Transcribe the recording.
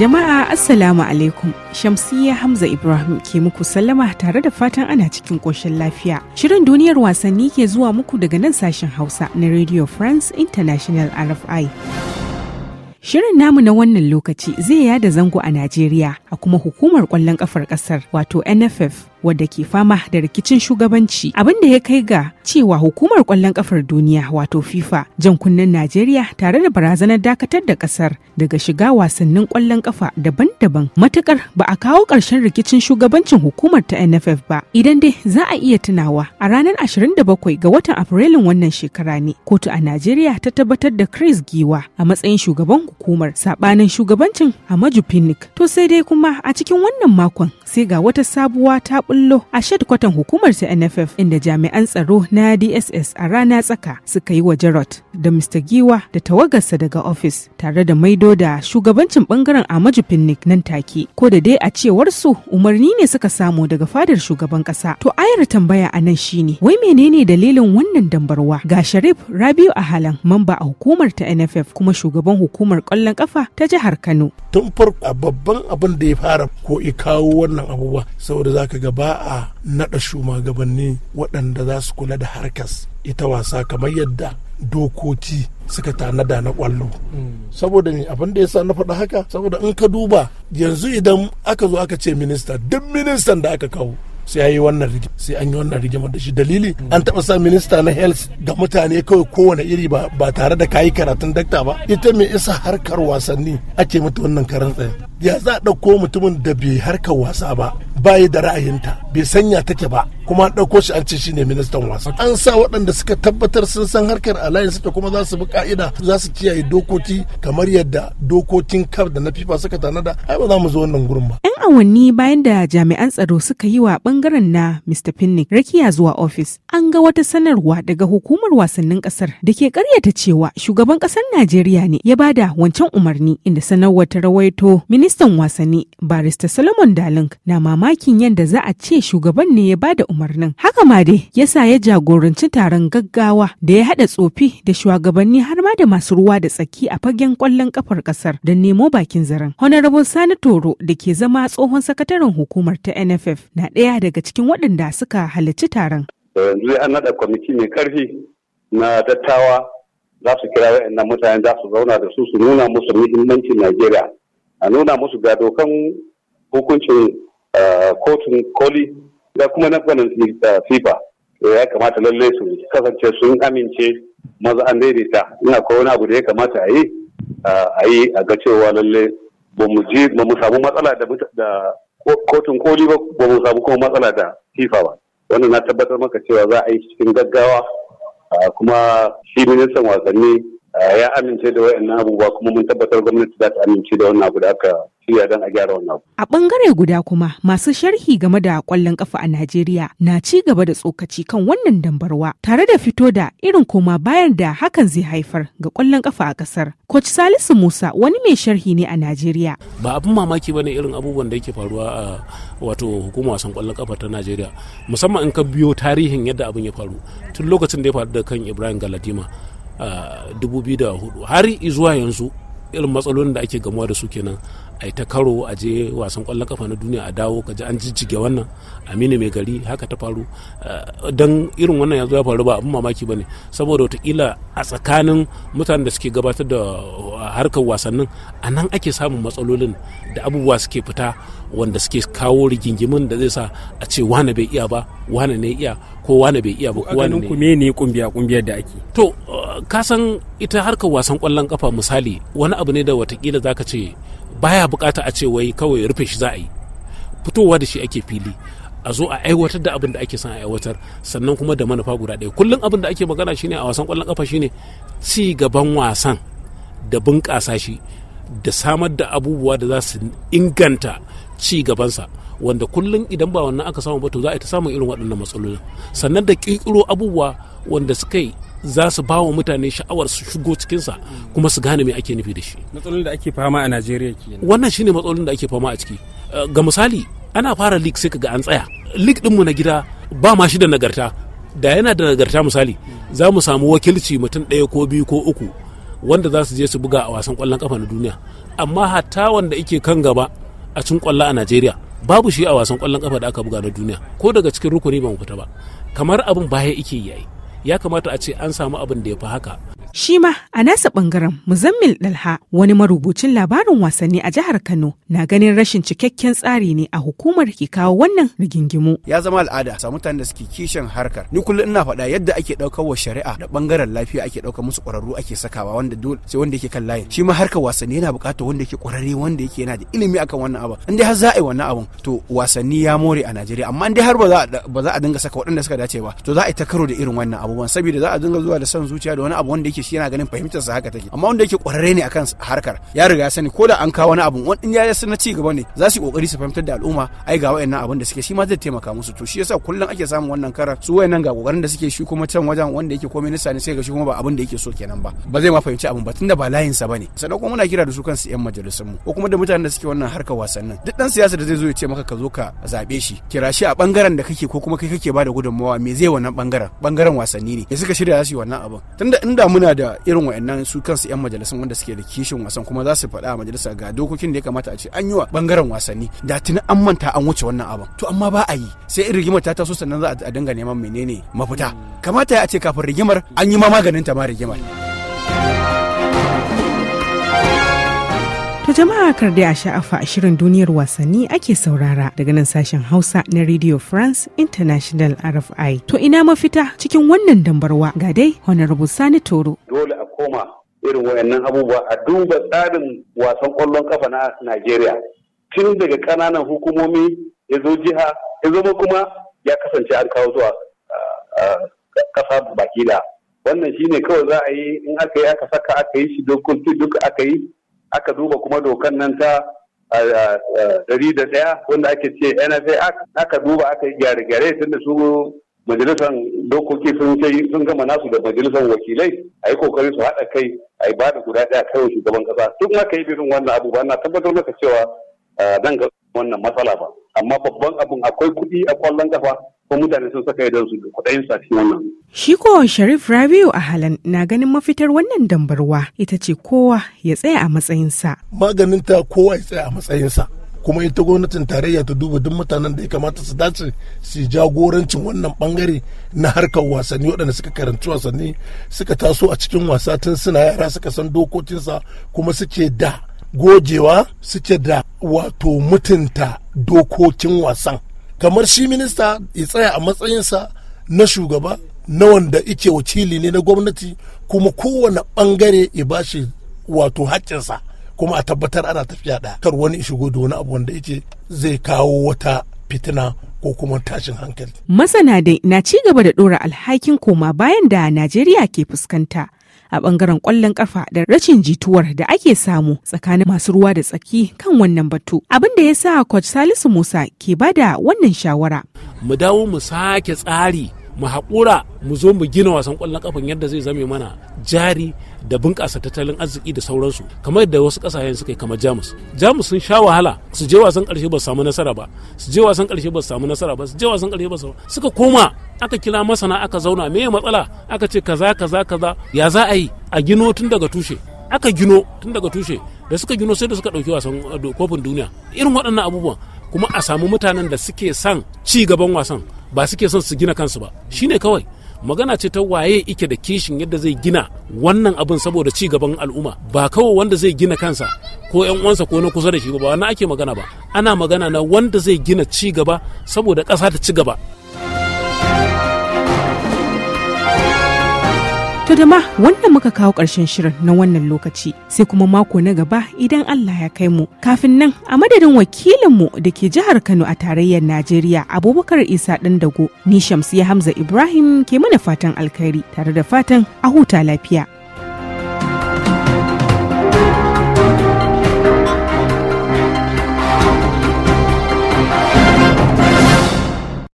Jama'a Assalamu alaikum Shamsiyya Hamza Ibrahim ke muku sallama tare da fatan ana cikin koshin lafiya. Shirin duniyar wasanni ke zuwa muku daga nan sashen Hausa na Radio France International RFI. Shirin namu na wannan lokaci zai yada zango a Najeriya a kuma hukumar kwallon kafar kasar wato NFF wadda ke fama da rikicin shugabanci abin da ya kai ga cewa hukumar kwallon kafar duniya wato FIFA jan kunnen Najeriya tare da barazanar dakatar da kasar daga shiga wasannin kwallon kafa daban-daban matukar ba a kawo ƙarshen rikicin shugabancin hukumar ta NFF ba idan dai za a iya tunawa a ranar 27 ga watan Afrilun wannan shekara ne kotu a Najeriya ta tabbatar da Chris Giwa a matsayin shugaban hukumar sabanin shugabancin Amaju maju to sai dai kuma a cikin wannan makon sai ga wata sabuwa ta bullo a shedkwatan hukumar ta NFF inda jami'an tsaro na DSS a rana tsaka suka yi wa Jarot da Mr. Giwa da tawagarsa daga ofis tare da maido da shugabancin bangaren Amaju Pinnick nan take. Ko da dai a cewar su umarni ne suka samu daga fadar shugaban kasa. To ayar tambaya a nan shine wai menene dalilin wannan dambarwa? Ga Sharif Rabiu Ahalan mamba a hukumar ta NFF kuma shugaban hukumar kwallon kafa ta jihar Kano. Tun farko babban abin da ya fara ko i kawo wannan abubuwa saboda zaka ga ba a naɗa shugabanni waɗanda za su kula da harkas ita wasa kamar yadda dokoki suka tanada na kwallo saboda ne abin da ya sa na faɗa haka saboda in ka duba yanzu idan aka zo aka ce minista duk ministan da aka kawo sai yi wannan rigima sai an yi wannan rigima da shi dalili an taɓa sa minista na health ga mutane kawai kowane iri ba ba tare da kayi karatun dakta ba ita mai isa harkar wasanni ake mata wannan karan ya za a ɗauko mutumin da bai harkar wasa ba bayi da ra'ayinta bai sanya take ba kuma an ɗauko shi an ce shi ne ministan wasa an sa waɗanda suka tabbatar sun san harkar alliance ta kuma za su bi ka'ida za su kiyaye dokoki kamar yadda dokokin kar da na fifa suka tanada ai ba za mu zo wannan gurin ba yan awanni bayan da jami'an tsaro suka yi wa bangaren na mr finnick rakiya zuwa ofis an ga wata sanarwa daga hukumar wasannin kasar da ke karyata cewa shugaban kasar najeriya ne ya bada wancan umarni inda sanarwar ta rawaito ministan wasanni barista solomon dalink na mamakin yadda za a ce shugaban ne ya bada umarni umarnin. Haka ma dai yasa ya jagoranci taron gaggawa da ya haɗa tsofi da shugabanni har ma da masu ruwa da tsaki a fagen kwallon kafar ƙasar don nemo bakin zaren. Honorable Sani Toro da ke zama tsohon sakataren hukumar ta NFF na ɗaya daga cikin waɗanda suka halarci taron. Yanzu an naɗa kwamiti mai ƙarfi na dattawa za su kira waɗannan mutane za su zauna da su su nuna musu muhimmancin Najeriya. A nuna musu ga dokan hukuncin eh, kotun koli da kuma na fanin eh, fifa eh, ya kamata lalle su kasance sun amince maza an daidaita ina akwai wani abu da ya kamata a yi a yi a ga cewa lalle ba je ba mu samu matsala da kotun koli ba ba mu samu kuma matsala da fifa ba wannan na tabbatar maka cewa za a yi cikin gaggawa kuma shi ministan wasanni ya amince da wayannan abubuwa kuma mun tabbatar gwamnati za ta amince da wannan abu da aka iya don a gyara wannan abu. A bangare guda kuma masu sharhi game da ƙwallon kafa a Najeriya na ci gaba da tsokaci kan wannan dambarwa tare da fito da irin koma bayan da hakan zai haifar ga ƙwallon kafa a ƙasar Coach Salisu Musa wani mai sharhi ne a Najeriya. Ba abin mamaki ba ne irin abubuwan da yake faruwa a wato hukumar wasan kwallon kafa ta Najeriya musamman in ka biyo tarihin yadda abin ya faru tun lokacin da ya faru da kan Ibrahim Galadima a 2004 har zuwa yanzu irin matsalolin da ake gamuwa da su kenan a ta karo a je wasan kwallon kafa na duniya a dawo ka ji an jijjige wannan aminu mai gari haka ta faru eh, don irin wannan ya ya faru ba abin mamaki ba ne saboda wataƙila a tsakanin mutanen da suke gabatar da eh, harkar wasannin a nan ake samun matsalolin da abubuwa suke fita wanda suke kawo rigingimin da zai sa a ce wane bai iya ba wane ne iya ko wane bai iya ba ko wane ne kumbiya kumbiyar da ake to eh, kasan ita harkar wasan kwallon kafa misali wani abu ne da watakila za ka ce baya bukata a ce wai kawai rufe shi za a yi fitowa da shi ake fili a zo a aiwatar da abin da ake son a aiwatar sannan kuma da manufa guda ɗaya kullum abin da ake magana shine a wasan kwallon kafa shine ci gaban wasan da bunƙasa shi da samar da abubuwa da za su inganta ci gabansa wanda kullum idan ba wannan aka samu ba to za a ta samun irin waɗannan matsalolin sannan da ƙirƙiro abubuwa wanda suka yi za su ba wa mutane sha'awar su shigo cikinsa kuma su gane me ake nufi da shi matsalolin da ake fama a najeriya wannan shine matsalolin da ake fama a ciki eh, ga misali ana fara lik sai ga an tsaya league dinmu na gida ba ma shi da nagarta da yana da nagarta misali za mu samu wakilci mutum ɗaya ko biyu ko uku wanda za su je su buga a wasan kwallon kafa na duniya amma hatta wanda ike kan gaba a cin kwallo a najeriya babu shi a wasan kwallon kafa da aka buga na duniya ko daga cikin rukuni ba mu fita ba kamar abin baya ike yayi ya kamata a ce an samu abin da ya fi haka Shi ma a nasa bangaren Muzammil Dalha wani marubucin labarin wasanni a jihar Kano na ganin rashin cikakken tsari ne a hukumar ke kawo wannan rigingimu. Ya zama al'ada sa mutanen da suke kishin harkar. Ni kullum ina faɗa yadda ake ɗaukar wa shari'a da bangaren lafiya ake ɗaukar musu ƙwararru ake sakawa wanda dole sai wanda yake kan layin. Shi ma harkar wasanni yana buƙatar wanda yake ƙwararre wanda yake yana da ilimi akan wannan abu. In dai har za a yi wannan abun to wasanni ya more a Najeriya amma in dai har ba za a dinga saka waɗanda suka dace ba to za a yi ta karo da irin wannan abubuwan saboda za a dinga zuwa da son zuciya da wani abu wanda yake yake shi yana ganin fahimtar sa haka take amma wanda yake kwararre ne akan harkar ya riga ya sani ko da an kawo wani abu wani ya yi na ci gaba ne za su yi kokari su fahimtar da al'umma ai ga wayannan abin da suke shi ma zai taimaka musu to shi yasa kullum ake samun wannan karar su wayannan ga kokarin da suke shi kuma can wajen wanda yake komai nisa ne sai ga shi kuma ba abin da yake so kenan ba ba zai ma fahimci abin ba tunda ba layin sa bane sannan kuma muna kira da su kansu yan majalisun mu ko kuma da mutanen da suke wannan harkar wasannin duk dan siyasa da zai zo ya ce maka ka zo ka zabe shi kira shi a bangaren da kake ko kuma kai kake ba da gudunmawa me zai wannan bangaren bangaren wasanni ne ya suka shirya su yi wannan abin tunda inda muna muna da irin wa'annan su kansu 'yan majalisun wanda suke da kishin wasan kuma za su faɗa a majalisa ga dokokin da ya kamata a ce an yi wa bangaren wasanni da tuni an manta an wuce wannan abin to amma ba a yi sai in rigimar ta taso sannan za a dinga neman menene mafita kamata ya ce kafin rigimar an yi ma maganin ta ma rigimar. To jama'a kar dai a sha'afa shirin duniyar wasanni ake saurara daga nan sashen Hausa na Radio France International RFI. To ina mafita cikin wannan dambarwa ga dai Honorable Sani Toro. Dole a koma irin wayannan abubuwa a duba tsarin wasan kwallon kafa na Najeriya. Tun daga ƙananan hukumomi ya zo jiha ya zama kuma ya kasance an kawo zuwa ƙasa bakila. Wannan shine kawai za a yi in aka yi aka saka aka yi shi dokoki duka aka yi aka duba kuma dokan nan ta dari da ɗaya wanda ake ce NFA Act aka duba aka yi gyare-gyare tunda su majalisar dokoki sun ce sun gama nasu da majalisar wakilai a yi kokarin su haɗa kai a yi bada guda ɗaya kai shugaban ƙasa duk ka yi birin wannan abu na tabbatar maka cewa dan ga wannan matsala ba. amma babban abin akwai kuɗi a kwallon kafa ko mutane sun saka idan su kuɗayen su a cikin wannan. Shi ko Sharif Rabiu a halan na ganin mafitar wannan dambarwa ita ce kowa ya tsaya a matsayinsa. Maganin ta kowa ya tsaya a matsayinsa. kuma ita gwamnatin tarayya ta duba duk mutanen da ya kamata su dace su jagorancin wannan bangare na harkar wasanni waɗanda suka karanci wasanni suka taso a cikin wasa tun suna yara suka san dokokinsa kuma suke da gogewa suke da wato mutunta dokokin wasan kamar shi minista ya tsaya a matsayinsa na shugaba na wanda ike wakili ne na gwamnati kuma kowane bangare ya bashi wato haƙƙinsa kuma a tabbatar ana tafiya ɗaya kar wani shigo da wani abu wanda yake zai kawo wata fitina ko kuma tashin hankali. Masana dai na ci gaba da ɗora alhakin koma bayan da Najeriya ke fuskanta a bangaren kwallon kafa da rashin jituwar da ake samu tsakanin masu ruwa da tsaki kan wannan batu abin da ya sa coach salisu musa ke bada wannan shawara mu dawo mu sake tsari mu haƙura mu zo mu gina wasan ƙwallon ƙafan yadda zai zame mana jari da bunƙasa tattalin arziki da sauransu kamar da wasu ƙasashen suka yi kamar jamus jamus sun sha wahala su je wasan ƙarshe ba su samu nasara ba su je wasan ƙarshe ba su samu nasara ba su je wasan ƙarshe ba su suka koma aka kila masana aka zauna me matsala aka ce kaza kaza kaza ya za a yi a gino tun daga tushe aka gino tun daga tushe da suka gino sai da suka ɗauki wasan uh, kofin duniya irin waɗannan abubuwan kuma a samu mutanen da suke son ci gaban wasan ba suke son su gina kansu ba shine kawai magana ce ta waye ike da kishin yadda zai gina wannan abin saboda ci gaban al'umma ba kawai wanda zai gina kansa ko yan uwansa ko na kusa da shi ba wannan ake magana ba ana magana na wanda zai gina ci gaba saboda ƙasa ta ci gaba To da wannan muka kawo ƙarshen shirin na wannan lokaci sai kuma mako na gaba idan Allah ya kai mu. Kafin nan a madadin wakilinmu da ke jihar Kano a tarayyar Najeriya Abubakar Isa ɗan dago ni Shamsiya Hamza Ibrahim ke mana fatan alkhairi tare da fatan a huta lafiya.